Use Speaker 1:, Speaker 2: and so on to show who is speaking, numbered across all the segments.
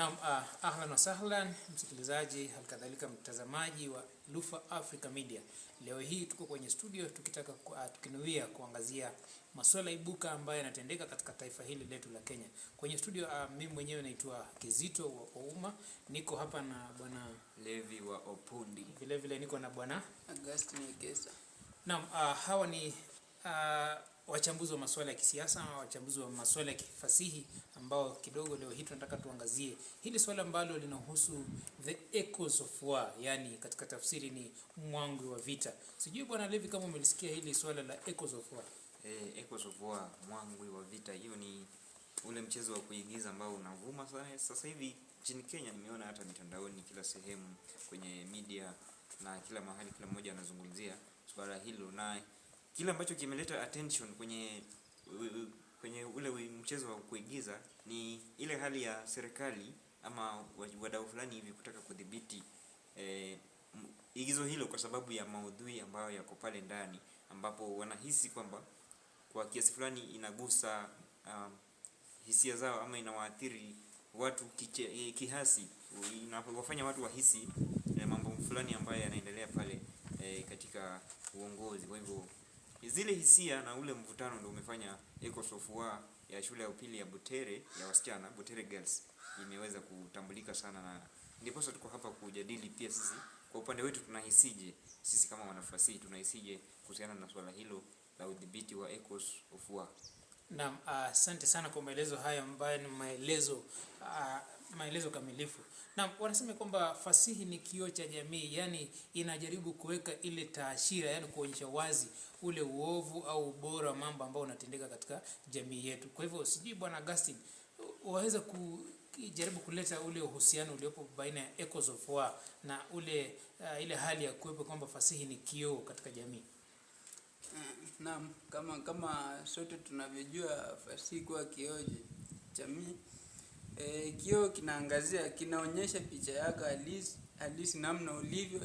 Speaker 1: Naam, uh, ahlan wa sahlan msikilizaji, halikadhalika mtazamaji wa Lufa Africa Media. Leo hii tuko kwenye studio tukitaka uh, tukinuia kuangazia masuala ibuka ambayo yanatendeka katika taifa hili letu la Kenya. Kwenye studio uh, mimi mwenyewe naitwa Kizito wa Ouma, niko hapa na bwana
Speaker 2: Levi wa Opundi,
Speaker 1: vilevile niko na bwana
Speaker 3: Augustine Gesa.
Speaker 1: Naam, uh, hawa ni uh, wachambuzi wa masuala ya kisiasa na wachambuzi wa masuala ya kifasihi ambao kidogo leo hii tunataka tuangazie hili swala ambalo linahusu the echoes of war, yani katika tafsiri ni mwangwi wa vita. Sijui Bwana Levi kama umelisikia hili swala la echoes of war.
Speaker 2: Eh, echoes of war, mwangwi wa vita, hiyo ni ule mchezo wa kuigiza ambao unavuma sana sasa hivi nchini Kenya. Nimeona hata mitandaoni, kila sehemu, kwenye media na kila mahali, kila mmoja anazungumzia swala hilo naye kile ambacho kimeleta attention kwenye kwenye ule mchezo wa kuigiza ni ile hali ya serikali ama wadau fulani hivi kutaka kudhibiti eh, igizo hilo kwa sababu ya maudhui ambayo yako pale ndani, ambapo wanahisi kwamba kwa kiasi fulani inagusa um, hisia zao ama inawaathiri watu kiche, kihasi, inawafanya watu wahisi eh, mambo fulani ambayo yanaendelea pale eh, katika uongozi. Kwa hivyo Zile hisia na ule mvutano ndio umefanya Echoes ya shule ya upili ya Butere ya wasichana Butere Girls imeweza kutambulika sana, na ndipo sasa tuko hapa kujadili pia sisi kwa upande wetu tunahisije, sisi kama wanafasi tunahisije kuhusiana na swala hilo la udhibiti wa Echoes of War.
Speaker 1: Naam, ah, asante uh, sana kwa maelezo hayo ambayo ni maelezo uh, maelezo kamilifu. Na wanasema kwamba fasihi ni kioo cha jamii, yani inajaribu kuweka ile taashira, yani kuonyesha wazi ule uovu au ubora mambo ambayo unatendeka katika jamii yetu. Kwa hivyo sijui Bwana Augustine waweza kujaribu kuleta ule uhusiano uliopo baina ya Echoes of War na ule uh, ile hali ya kuwepo kwamba fasihi ni kioo katika jamii.
Speaker 3: Naam, kama kama sote tunavyojua fasihi kwa kioo cha jamii E, kioo kinaangazia kinaonyesha picha yako halisi, halisi namna ulivyo.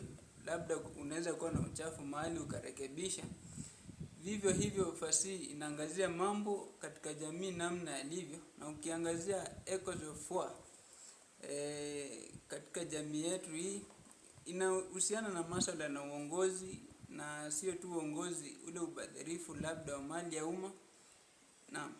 Speaker 3: Labda unaweza kuwa na uchafu mahali ukarekebisha. Vivyo hivyo fasihi inaangazia mambo katika jamii namna yalivyo, na ukiangazia echoes of war e, katika jamii yetu hii inahusiana na masuala na uongozi, na sio tu uongozi ule ubadhirifu labda wa mali ya umma naam.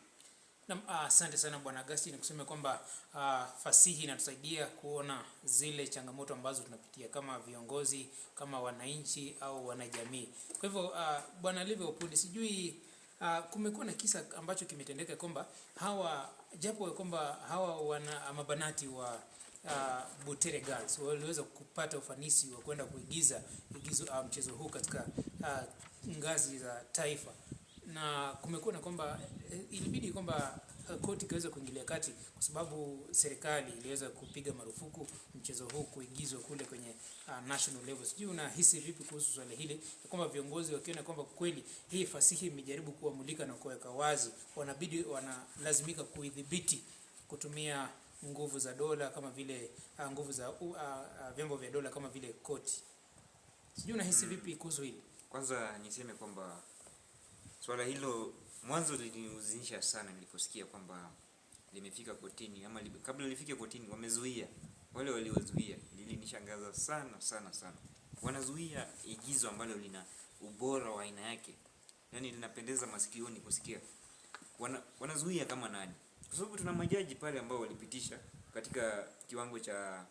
Speaker 1: Ah, asante uh, sana Bwana Agasti, ni kusema kwamba uh, fasihi inatusaidia kuona zile changamoto ambazo tunapitia kama viongozi, kama wananchi au wanajamii. Kwa hivyo uh, Bwana Liveopundi, sijui uh, kumekuwa na kisa ambacho kimetendeka kwamba hawa japo kwamba hawa wana mabanati wa uh, Butere Girls waliweza kupata ufanisi wa kwenda kuigiza igizo uh, mchezo huu katika uh, ngazi za taifa na kumekuwa na kwamba eh, ilibidi kwamba eh, koti ikaweza kuingilia kati kwa sababu serikali iliweza kupiga marufuku mchezo huu kuigizwa kule kwenye uh, national level. Sijui unahisi vipi kuhusu swala hili kwamba viongozi wakiona kwamba kweli hii fasihi imejaribu kuamulika na kuweka wazi, wanabidi wanalazimika kuidhibiti kutumia nguvu za dola kama vile uh, nguvu za uh, uh, vyombo vya dola kama vile koti. Sijui unahisi hmm. vipi kuhusu hili?
Speaker 2: Kwanza niseme kwamba Swala hilo mwanzo liliniuzinisha sana niliposikia kwamba limefika kotini ama li, kabla lifike kotini wamezuia wale waliozuia, lilinishangaza sana sana sana. Wanazuia igizo ambalo lina ubora wa aina yake, yani linapendeza masikioni kusikia. Wana, wanazuia kama nani? Kwa sababu tuna majaji pale ambao walipitisha katika kiwango cha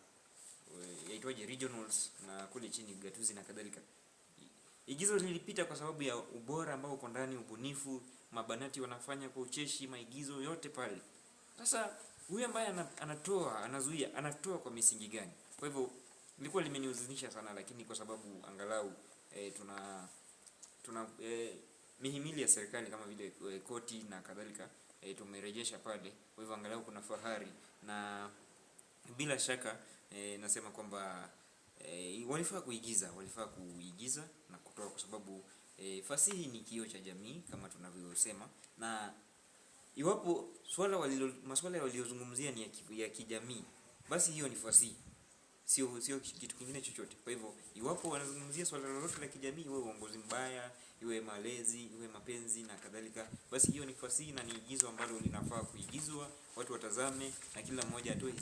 Speaker 2: eh, yaitwaje regionals na kule chini gatuzi na kadhalika. Igizo lilipita kwa sababu ya ubora ambao uko ndani, ubunifu, mabanati wanafanya kwa ucheshi, maigizo yote pale. Sasa huyu ambaye anatoa, anazuia, anatoa kwa misingi gani? Kwa hivyo ilikuwa limenihuzunisha sana, lakini kwa sababu angalau e, tuna tuna e, mihimili ya serikali kama vile e, koti na kadhalika e, tumerejesha pale. Kwa hivyo angalau kuna fahari na bila shaka e, nasema kwamba eh, walifaa kuigiza walifaa kuigiza na kutoa kwa sababu eh, fasihi ni kioo cha jamii kama tunavyosema, na iwapo swala walilo, maswala waliozungumzia ni ya kijamii, basi hiyo ni fasihi, sio sio kitu kingine chochote. Kwa hivyo iwapo wanazungumzia swala lolote la kijamii, iwe uongozi mbaya, iwe malezi, iwe mapenzi na kadhalika, basi hiyo ni fasihi na ni igizo ambalo linafaa kuigizwa, watu watazame na kila mmoja atoe